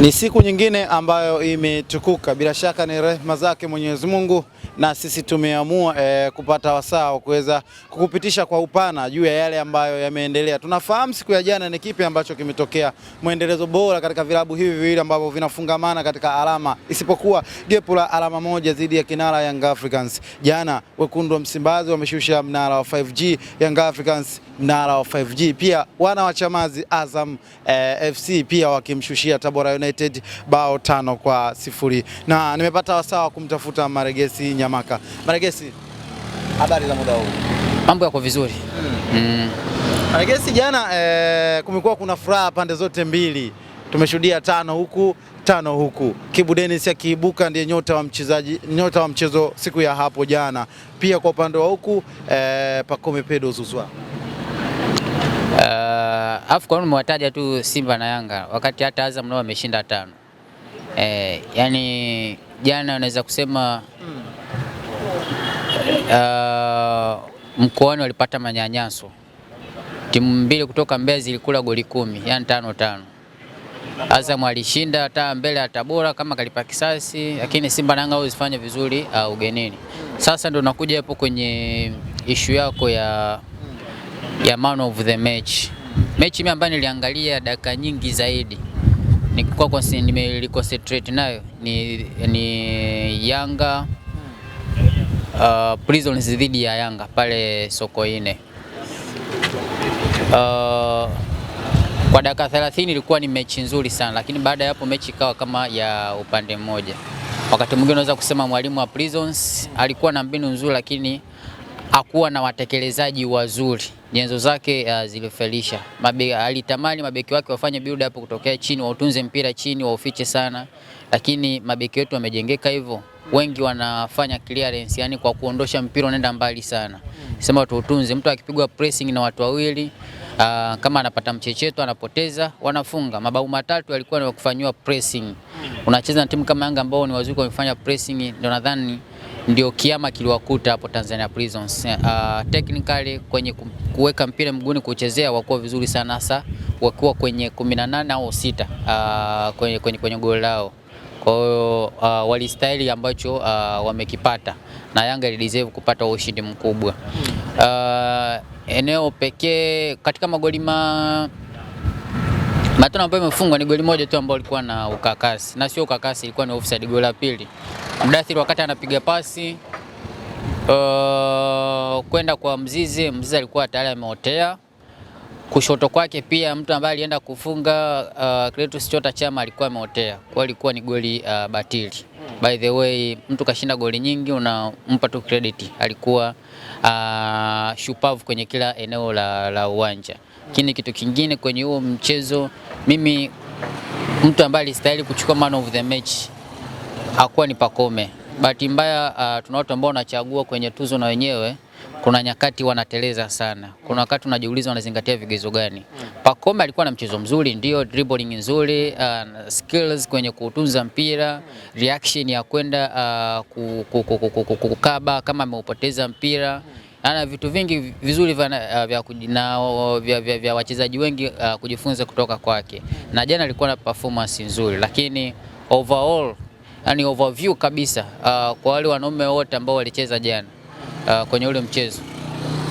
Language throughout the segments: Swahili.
Ni siku nyingine ambayo imetukuka, bila shaka ni rehema zake Mwenyezi Mungu, na sisi tumeamua e, kupata wasaa wa kuweza kukupitisha kwa upana juu ya yale ambayo yameendelea. Tunafahamu siku ya jana ni kipi ambacho kimetokea, mwendelezo bora katika vilabu hivi viwili ambavyo vinafungamana katika alama, isipokuwa gepu la alama moja dhidi ya kinara Young Africans. Jana wekundu wa Msimbazi wameshusha mnara wa 5G Young Africans mnara wa 5G. Pia wana wa Chamazi Azam eh, FC pia wakimshushia Tabora United bao tano kwa sifuri, na nimepata wasaa wa kumtafuta Maregesi Nyamaka. Maregesi, habari za muda huu? Mambo yako vizuri? mm. mm. Maregesi, jana eh, kumekuwa kuna furaha pande zote mbili, tumeshuhudia tano huku tano huku. Kibu Dennis akiibuka ndiye nyota wa mchezaji nyota wa mchezo siku ya hapo jana. Pia kwa upande wa huku eh, Pacome Pedro Zouzoua Uh, AFCON umewataja tu Simba na Yanga wakati hata Azam nao wameshinda tano. Eh, yani jana unaweza kusema uh, mkoani walipata manyanyaso. Timu mbili kutoka Mbeya zilikula goli kumi, yani tano tano. Azam alishinda hata mbele ya Tabora kama kalipa kisasi, lakini Simba na Yanga usifanye vizuri uh, ugenini. Sasa ndo nakuja hapo kwenye ishu yako ya ya man of the match. Mechi mimi ambayo niliangalia dakika nyingi zaidi nikikuwa nimeliconcentrate nayo ni, ni Yanga uh, Prisons dhidi ya Yanga pale Sokoine. Uh, kwa dakika 30 ilikuwa ni mechi nzuri sana, lakini baada ya hapo mechi ikawa kama ya upande mmoja. Wakati mwingine unaweza kusema mwalimu wa Prisons alikuwa na mbinu nzuri, lakini hakuwa na watekelezaji wazuri, nyenzo zake uh, zilifelisha. Mabe, alitamani mabeki wake wafanye build up kutokea chini, wautunze mpira chini, waufiche sana, lakini mabeki wetu wamejengeka hivyo, wengi wanafanya clearance, yani kwa kuondosha mpira unaenda mbali sana. Sema tuutunze, mtu akipigwa pressing na watu wawili Uh, kama anapata mchecheto anapoteza, wanafunga. Mabao matatu yalikuwa ni kufanywa pressing. Unacheza na timu kama Yanga ambao ni wazuri kwa kufanya pressing, ndio nadhani ndio kiama kiliwakuta hapo Tanzania Prisons. Uh, technically kwenye kuweka mpira mguuni kuchezea wakuwa vizuri sana, hasa wakiwa kwenye 18 au sita uh, kwenye, kwenye, kwenye goli lao. Kwa hiyo uh, walistahili ambacho uh, wamekipata na Yanga ilideserve kupata ushindi mkubwa. Uh, eneo pekee katika magoli ma Matano ambayo imefungwa ni goli moja tu ambao ilikuwa na ukakasi na sio ukakasi, ilikuwa ni offside. Goli la pili Mdathiri wakati anapiga pasi uh, kwenda kwa Mzizi, Mzizi alikuwa tayari ameotea kushoto kwake. Pia mtu ambaye alienda kufunga uh, Cletus Chota Chama alikuwa ameotea, kwa ilikuwa ni goli uh, batili. By the way, mtu kashinda goli nyingi, unampa tu credit, alikuwa uh, shupavu kwenye kila eneo la, la uwanja. Lakini kitu kingine kwenye huo mchezo, mimi mtu ambaye alistahili kuchukua man of the match hakuwa ni Pacome. Bahati mbaya uh, tuna watu ambao wanachagua kwenye tuzo na wenyewe kuna nyakati wanateleza sana. Kuna wakati unajiuliza wanazingatia vigezo gani? Pacome alikuwa na mchezo mzuri, ndio dribbling nzuri, uh, skills kwenye kutunza mpira, reaction ya kwenda uh, kukaba kama ameupoteza mpira ana vitu vingi vizuri vya, eh, vya, vya, vya, vya, vya wachezaji wengi uh, kujifunza kutoka kwake, na jana alikuwa na performance nzuri, lakini overall, yani overview kabisa uh, kwa wale wanaume wote ambao walicheza jana uh, kwenye ule mchezo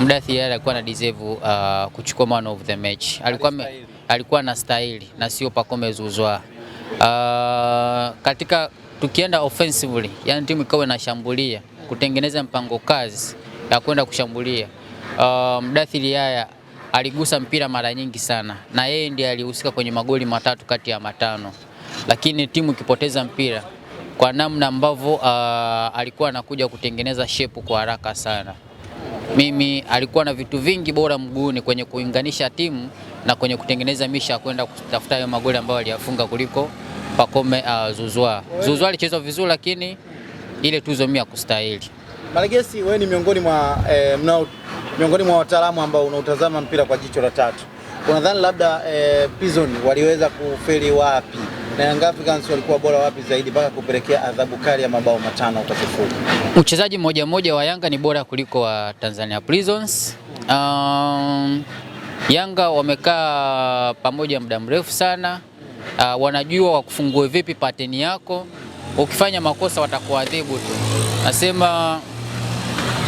Mudathi yeye alikuwa na deserve uh, kuchukua man of the match. Alikuwa me, alikuwa na staili na sio Pacome Zuzwa. Uh, katika tukienda offensively, yani timu ikawa na shambulia kutengeneza mpango kazi ya kwenda kushambulia. Uh, um, Mdathili Yaya aligusa mpira mara nyingi sana na yeye ndiye alihusika kwenye magoli matatu kati ya matano, lakini timu ikipoteza mpira kwa namna ambavyo uh, alikuwa anakuja kutengeneza shepu kwa haraka sana. Mimi alikuwa na vitu vingi bora mguuni kwenye kuinganisha timu na kwenye kutengeneza misha ya kwenda kutafuta hayo magoli ambayo aliyafunga kuliko Pacome uh, Zuzwa. Zuzwa alicheza vizuri, lakini ile tuzo mimi hakustahili. Malegesi, wewe ni miongoni mwa eh, mnao miongoni mwa wataalamu ambao unautazama mpira kwa jicho la tatu, unadhani labda eh, Pizon waliweza kufeli wapi na Young Africans walikuwa bora wapi zaidi mpaka kupelekea adhabu kali ya mabao matano kwa sifuri? Mchezaji mmoja mmoja wa Yanga ni bora kuliko wa Tanzania Prisons. Um, Yanga wamekaa pamoja muda mrefu sana. Uh, wanajua wakufungue vipi pateni yako, ukifanya makosa watakuadhibu tu, nasema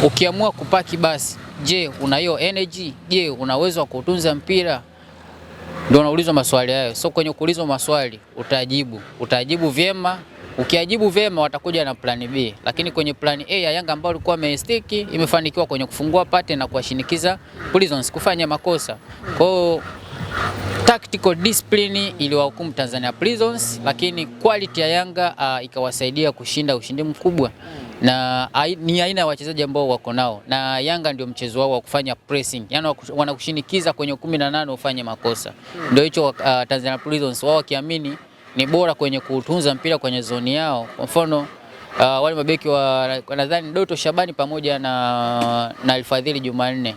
Ukiamua kupaki basi, je, una hiyo energy? Je, una uwezo wa kutunza mpira? Ndio unaulizwa maswali hayo. So kwenye kuulizwa maswali utajibu, utajibu vyema. Ukiajibu vyema watakuja na plan B, lakini kwenye plan A ya Yanga ambayo alikuwa imestiki imefanikiwa kwenye kufungua pate na kuwashinikiza Prisons kufanya makosa. Kwa tactical discipline iliwahukumu Tanzania Prisons, lakini quality ya Yanga uh, ikawasaidia kushinda ushindi mkubwa na ni aina ya wachezaji ambao wako nao, na Yanga ndio mchezo wao wa kufanya pressing, yani wanakushinikiza kwenye 18 ufanye makosa hmm. Ndio hicho uh, Tanzania Prisons wao wakiamini ni bora kwenye kutunza mpira kwenye zoni yao. Kwa mfano uh, wale mabeki wa nadhani Doto Shabani pamoja na, na Alfadhili Jumanne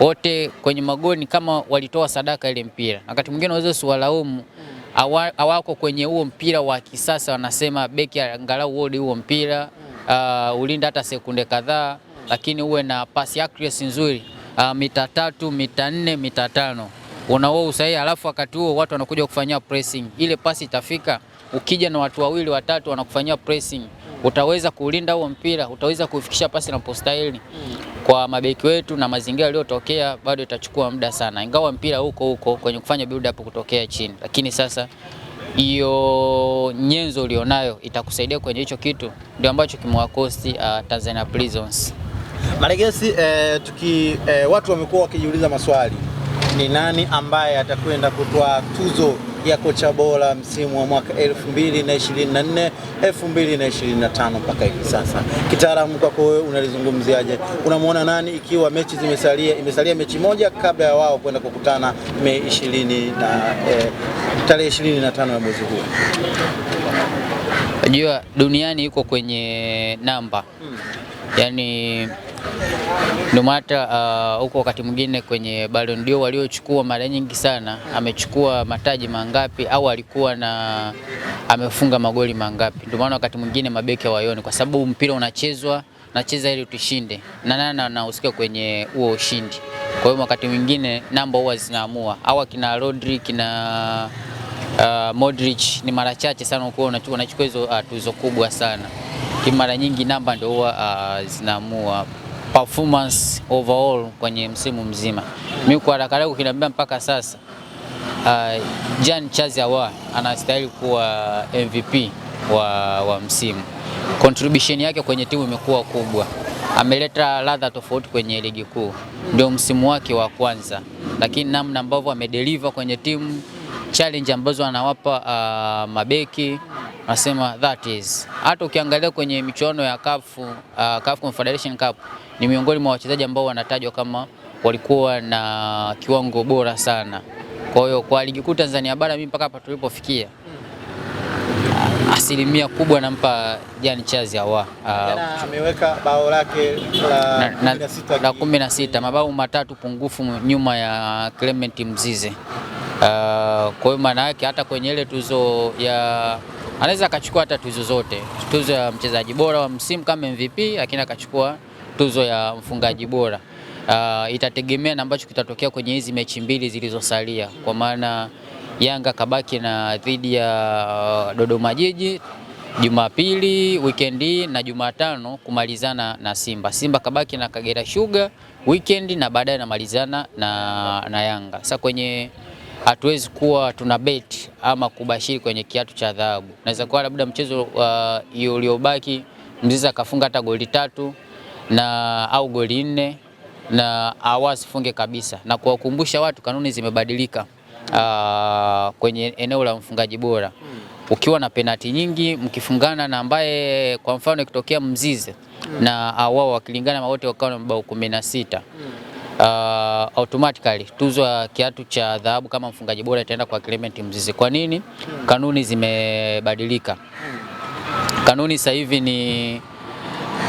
wote kwenye magoni kama walitoa sadaka ile mpira. Wakati mwingine waweza siwalaumu hawako kwenye huo mpira wa kisasa, wanasema beki angalau wodi huo mpira uh, ulinde hata sekunde kadhaa, lakini uwe na pasi accuracy nzuri uh, mita tatu, mita nne, mita tano unao usahihi, alafu wakati huo watu wanakuja kufanyia pressing, ile pasi itafika. Ukija na watu wawili watatu wanakufanyia pressing, utaweza kuulinda huo mpira, utaweza kufikisha pasi na postaili. Kwa mabeki wetu na mazingira yaliyotokea, bado itachukua muda sana, ingawa mpira huko huko kwenye kufanya build up kutokea chini, lakini sasa hiyo nyenzo ulionayo itakusaidia kwenye hicho kitu, ndio ambacho kimewakosti uh, Tanzania Prisons. maregesi eh, tuki eh, watu wamekuwa wakijiuliza maswali, ni nani ambaye atakwenda kutoa tuzo ya kocha bora msimu wa mwaka 2024 2025 mpaka hivi sasa. Kitaalamu kwako wewe unalizungumziaje? Unamwona nani ikiwa mechi zimesalia, imesalia mechi moja kabla ya wao kwenda kukutana Mei 20 na eh, tarehe 25 ya mwezi huu? Unajua duniani iko kwenye namba hmm. Yaani ndio maana uh, huko uh, wakati mwingine kwenye Ballon d'Or waliochukua mara nyingi sana, amechukua mataji mangapi au alikuwa na amefunga magoli mangapi. Ndio maana wakati mwingine mabeki hawaioni, kwa sababu mpira unachezwa nacheza ili tushinde, na nani anahusika kwenye huo ushindi. Kwa hiyo wakati mwingine namba huwa zinaamua, au akina Rodri kina uh, Modric ni mara chache sana ukuwa unachukua hizo uh, tuzo kubwa sana, mara nyingi namba ndio huwa uh, zinaamua performance overall kwenye msimu mzima. Mimi kwa haraka haraka ukiniambia mpaka sasa uh, Jan Charles Ahoua anastahili kuwa MVP wa, wa msimu. Contribution yake kwenye timu imekuwa kubwa, ameleta ladha tofauti kwenye ligi kuu, ndio msimu wake wa kwanza, lakini namna ambavyo amedeliver kwenye timu, challenge ambazo anawapa uh, mabeki nasema that is hata ukiangalia kwenye michuano ya CAF, uh, CAF Confederation Cup ni miongoni mwa wachezaji ambao wanatajwa kama walikuwa na kiwango bora sana. Kwa hiyo kwa ligi kuu Tanzania bara mimi mpaka hapa tulipofikia asilimia kubwa nampa Jan Chazi Ahoua. Uh, ameweka bao lake la kumi na sita, mabao matatu pungufu nyuma ya Clement Mzize. Uh, kwa hiyo maana yake hata kwenye ile tuzo ya anaweza akachukua hata tuzo zote, tuzo ya mchezaji bora wa msimu kama MVP, lakini akachukua tuzo ya mfungaji bora. Uh, itategemea na ambacho kitatokea kwenye hizi mechi mbili zilizosalia, kwa maana Yanga kabaki na dhidi ya Dodoma Jiji Jumapili weekend hii na Jumatano kumalizana na Simba. Simba kabaki na Kagera Sugar weekend na baadaye namalizana na, na Yanga. Sasa kwenye hatuwezi kuwa tuna bet ama kubashiri kwenye kiatu cha dhahabu. Naweza kuwa labda mchezo uh, uliobaki Mzizi akafunga hata goli tatu na au goli nne na awasifunge kabisa, na kuwakumbusha watu kanuni zimebadilika uh, kwenye eneo la mfungaji bora ukiwa na penati nyingi mkifungana na ambaye kwa mfano ikitokea Mzize na awao wakilingana wote wakawa na mabao kumi na sita uh, automatically tuzo ya kiatu cha dhahabu kama mfungaji bora itaenda kwa Clement Mzize. Kwa nini? kanuni zimebadilika kanuni sasa hivi ni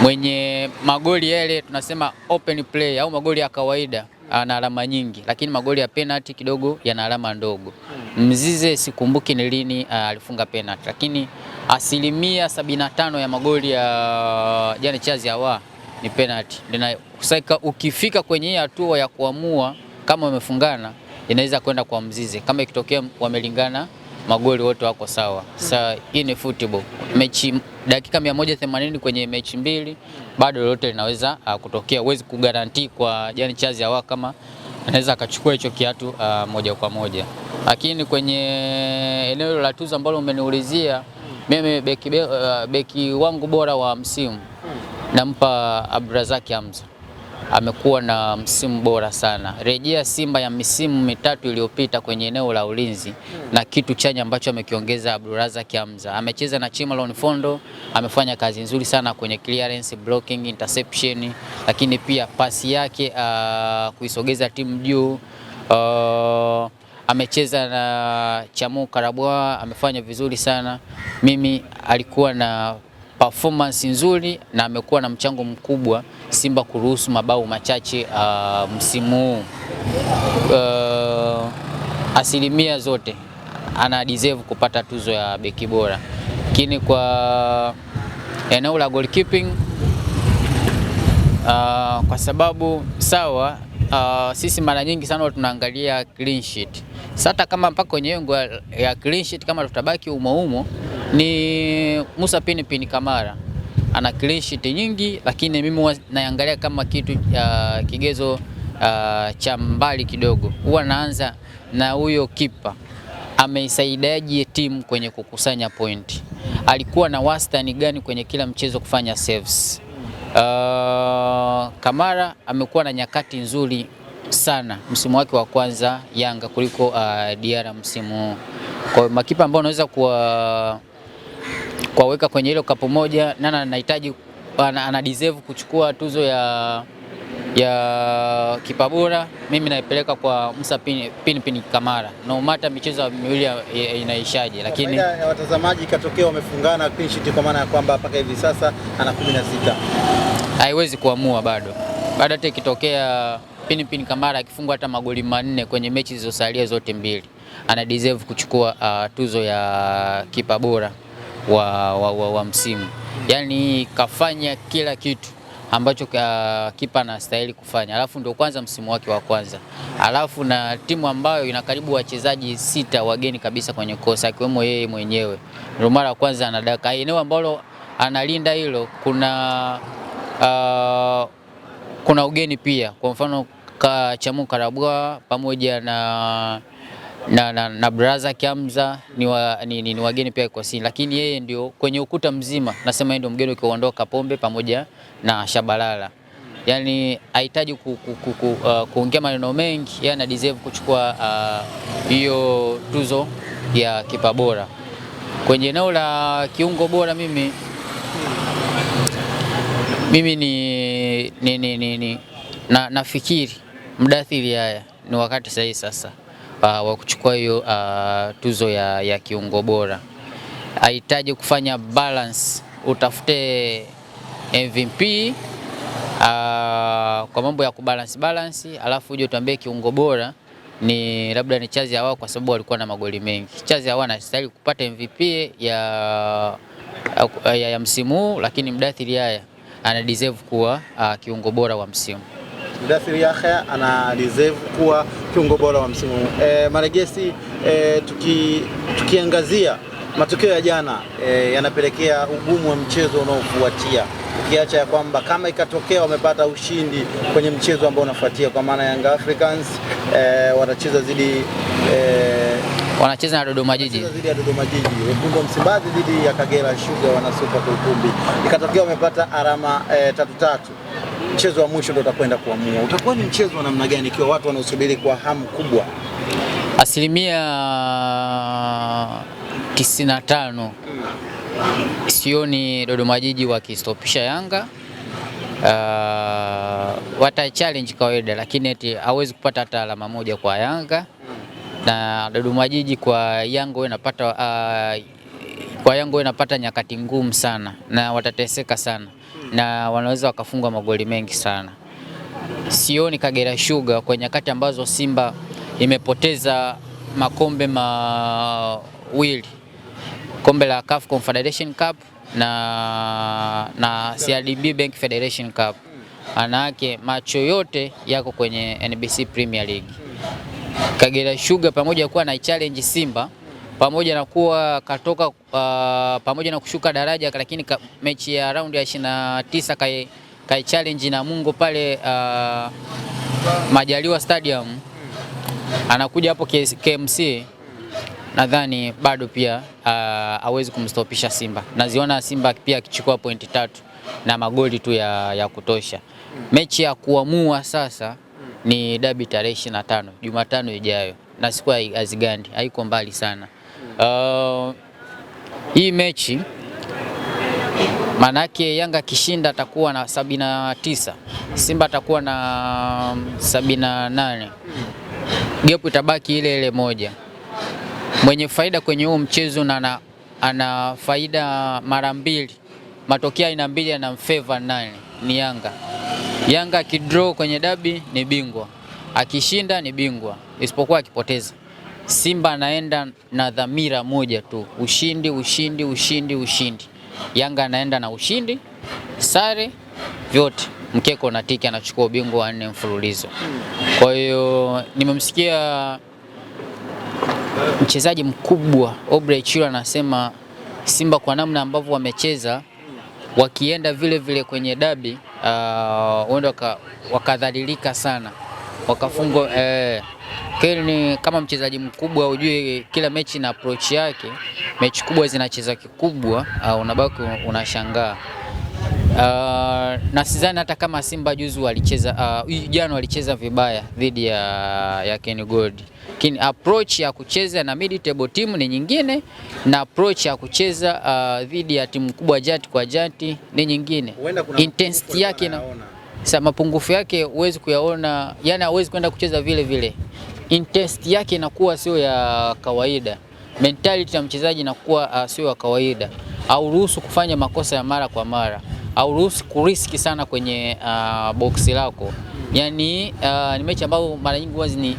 mwenye magoli yale tunasema open play au magoli ya kawaida ana alama nyingi, lakini magoli ya penalty kidogo yana alama ndogo. Mzize sikumbuki ni lini ah, alifunga penalty, lakini asilimia tano ya magoli ya Jane Chazi Ahoua ni penalty. ukifika kwenye hii hatua ya kuamua kama wamefungana, inaweza kwenda kwa Mzize. Kama ikitokea wamelingana magoli wote wako sawa, sasa hii ni football mechi dakika 180 kwenye mechi mbili, bado lolote linaweza uh, kutokea. Huwezi kugaranti kwa Jani Chazi awa kama anaweza akachukua hicho kiatu uh, moja kwa moja, lakini kwenye eneo la tuzo ambalo umeniulizia mimi beki, uh, beki wangu bora wa msimu nampa Abdurazaki Hamza amekuwa na msimu bora sana. Rejea Simba ya misimu mitatu iliyopita kwenye eneo la ulinzi na kitu chanya ambacho amekiongeza Abdurazak Hamza, amecheza na Chimalon Fondo, amefanya kazi nzuri sana kwenye clearance, blocking, interception, lakini pia pasi yake uh, kuisogeza timu juu uh, amecheza na Chamu Karabwa, amefanya vizuri sana. Mimi alikuwa na performance nzuri na amekuwa na mchango mkubwa Simba kuruhusu mabao machache uh, msimu huu uh, asilimia zote ana deserve kupata tuzo ya beki bora, lakini kwa eneo la goalkeeping uh, kwa sababu sawa uh, sisi mara nyingi sana tunaangalia clean sheet. Sata kama mpaka engo ya clean sheet kama tutabaki umo umo ni Musa Pinipini Kamara ana clean sheet nyingi, lakini mimi naangalia kama kitu uh, kigezo uh, cha mbali kidogo. Huwa naanza na huyo kipa ameisaidiaje timu kwenye kukusanya pointi, alikuwa na wastani gani kwenye kila mchezo kufanya saves. Uh, Kamara amekuwa na nyakati nzuri sana msimu wake wa kwanza Yanga kuliko uh, Diara msimu huu. Kwa makipa ambao unaweza kuwa kwa kwenye hilo kapu moja, nani anahitaji ana, ana deserve kuchukua tuzo ya ya kipa bora, mimi naipeleka kwa Musa Pinpin pin, pin, Kamara no matter michezo miwili inaishaje, lakini ya watazamaji katokea wamefungana clean sheet, kwa maana ya kwamba mpaka hivi sasa ana 16 haiwezi kuamua bado bado, hata ikitokea Pinpin pin, Kamara akifungwa hata magoli manne kwenye mechi zilizosalia zote mbili, ana deserve kuchukua uh, tuzo ya kipa bora wa, wa, wa, wa msimu. Yaani kafanya kila kitu ambacho kipa anastahili kufanya, alafu ndio kwanza msimu wake wa kwanza, alafu na timu ambayo ina karibu wachezaji sita wageni kabisa kwenye kosa akiwemo yeye mwenyewe, ndio mara ya kwanza anadaka eneo ambalo analinda hilo. Kuna uh, kuna ugeni pia, kwa mfano Chamu Karabwa pamoja na na, na, na braza Kiamza ni, wa, ni, ni, ni wageni pia Ekosini, lakini yeye ndio kwenye ukuta mzima, nasema yeye ndio mgeni ukiondoka Pombe pamoja na Shabalala, yani hahitaji ku, ku, ku, ku, uh, kuongea maneno mengi, yeye ana deserve kuchukua uh, hiyo uh, tuzo ya kipa bora kwenye eneo la kiungo bora. Mimi mimi ni, ni, ni, ni, ni, na nafikiri mdathili haya ni wakati sahihi sasa uh, wa kuchukua hiyo uh, tuzo ya, ya kiungo bora ahitaji kufanya balance, utafute MVP uh, kwa mambo ya kubalance balance, alafu uje utuambie kiungo bora ni labda ni Chazi hawa kwa sababu walikuwa na magoli mengi. Chazi hawa anastahili kupata MVP ya, ya, ya msimu huu, lakini Mdathiri haya ana deserve kuwa uh, kiungo bora wa msimu. Mudathir Yahya ana deserve kuwa kiungo bora wa msimu. E, Maregesi, e, tuki, tukiangazia matokeo ya jana e, yanapelekea ugumu wa mchezo unaofuatia ukiacha ya kwamba kama ikatokea wamepata ushindi kwenye mchezo ambao unafuatia, kwa maana Young Africans e, watacheza zidi e, wanacheza na Dodoma Jiji dhidi ya Dodoma Jiji, wekundu wa Msimbazi dhidi ya Kagera Sugar wanasuka kwa ukumbi, ikatokea wamepata alama e, tatu tatu mchezo wa mwisho ndio utakwenda kuamua. Utakuwa ni mchezo wa namna gani ikiwa watu wanaosubiri kwa hamu kubwa? Asilimia tisini na tano sioni Dodoma Jiji wakistopisha Yanga. Uh, wata challenge kawaida, lakini eti hawezi kupata hata alama moja kwa Yanga na Dodoma Jiji kwa Yanga wanapata uh, kwa Yanga wanapata nyakati ngumu sana na watateseka sana na wanaweza wakafungwa magoli mengi sana. Sioni Kagera Sugar kwa nyakati ambazo Simba imepoteza makombe mawili, kombe la CAF Confederation Cup na, na CRDB Bank Federation Cup. Anaake macho yote yako kwenye NBC Premier League. Kagera Sugar pamoja kuwa na challenge Simba pamoja na kuwa katoka uh, pamoja na kushuka daraja, lakini ka, mechi ya raundi ya 29 kai, kai challenge Namungo pale uh, Majaliwa Stadium anakuja hapo KMC nadhani bado pia uh, awezi kumstopisha Simba. Naziona Simba pia akichukua pointi tatu na magoli tu ya, ya kutosha. Mechi ya kuamua sasa ni dabi tarehe 25 Jumatano ijayo na siku ya Azigandi, haiko mbali sana. Uh, hii mechi maanake Yanga akishinda atakuwa na tisa Simba atakuwa um, na nane gepu itabaki ile ile moja. Mwenye faida kwenye huu mchezo na ana, ana faida mara mbili, matokeo aina mbili yanamfeva nani? Ni Yanga. Yanga akidraw kwenye dabi ni bingwa, akishinda ni bingwa, isipokuwa akipoteza Simba anaenda na dhamira moja tu, ushindi, ushindi, ushindi, ushindi. Yanga anaenda na ushindi, sare, vyote. Mkeko na tiki anachukua ubingwa wa nne mfululizo. Kwa hiyo nimemsikia mchezaji mkubwa Obrey Chiro anasema Simba kwa namna ambavyo wamecheza wakienda vile vile kwenye dabi ah, huenda uh, wakadhalilika sana wakafungwa eh, Kel ni kama mchezaji mkubwa, ujue kila mechi na approach yake. Mechi kubwa zinacheza kikubwa, uh, unabaki unashangaa. Uh, na sidhani hata kama Simba juzi walicheza uh, jana walicheza vibaya dhidi ya, ya Ken Gold. Lakini approach ya kucheza na mid table team ni nyingine na approach ya kucheza uh, dhidi ya timu kubwa jati kwa jati ni nyingine. Intensity yake na Sa mapungufu yake huwezi kuyaona, yani hawezi kwenda kucheza vile vile. Intensity yake inakuwa sio ya kawaida, mentality ya mchezaji inakuwa uh, sio ya kawaida. ruhusu kufanya makosa ya mara kwa mara, au ruhusu kuriski sana kwenye uh, boksi lako. Yani uh, ni mechi ambayo mara nyingi huwa ni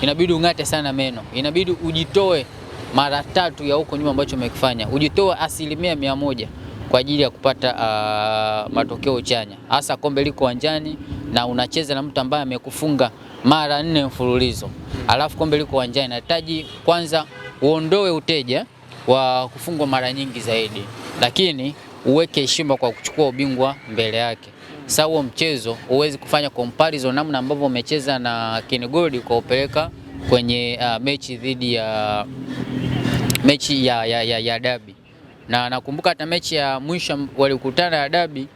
inabidi ung'ate sana meno, inabidi ujitoe mara tatu ya huko nyuma ambacho umekifanya, ujitoe asilimia mia moja kwa ajili ya kupata uh, matokeo chanya, hasa kombe liko uwanjani na unacheza na mtu ambaye amekufunga mara nne mfululizo, alafu kombe liko uwanjani. Nahitaji kwanza uondoe uteja wa kufungwa mara nyingi zaidi, lakini uweke heshima kwa kuchukua ubingwa mbele yake. Sasa huo mchezo huwezi kufanya comparison namna ambavyo umecheza na Kinigodi kwa upeleka kwenye uh, mechi dhidi ya mechi ya, ya, ya, ya dabi na nakumbuka hata mechi ya mwisho walikutana ya dabi,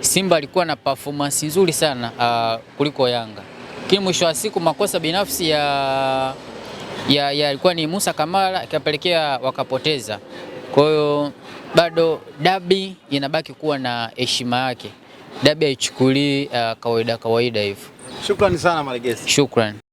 Simba alikuwa na performance nzuri sana uh, kuliko Yanga, lakini mwisho wa siku makosa binafsi ya ya yalikuwa ni Musa Kamara ikapelekea wakapoteza. Kwa hiyo bado dabi inabaki kuwa na heshima yake, dabi haichukulii uh, kawaida kawaida hivyo. Shukrani sana Malegesi. Shukrani.